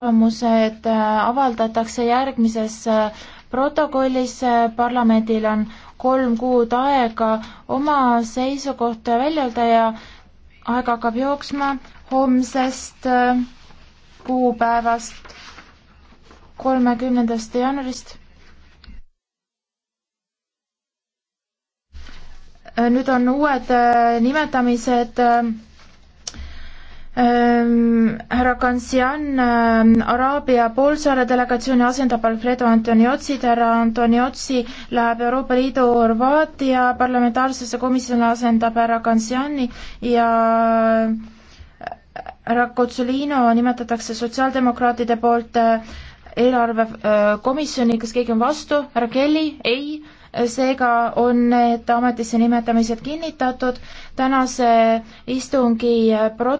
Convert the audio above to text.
arvamused äh, avaldatakse järgmises äh, protokollis, äh, parlamendil on kolm kuud aega oma seisukoht välja öelda ja aeg hakkab jooksma homsest kuupäevast, kolmekümnendast jaanuarist. nüüd on uued nimetamised Ehm, härra Kansian ehm, Araabia poolsaare delegatsiooni asendab Alfredo Antoniotsit, härra Antoniotsi läheb Euroopa Liidu Horvaatia parlamentaarsesse komisjoni, asendab härra Kansiani ja äh, härra Kotsulino nimetatakse sotsiaaldemokraatide poolt äh, eelarvekomisjoni, äh, kas keegi on vastu, härra Kelly, ei seega on need ametisse nimetamised kinnitatud. tänase istungi prot-.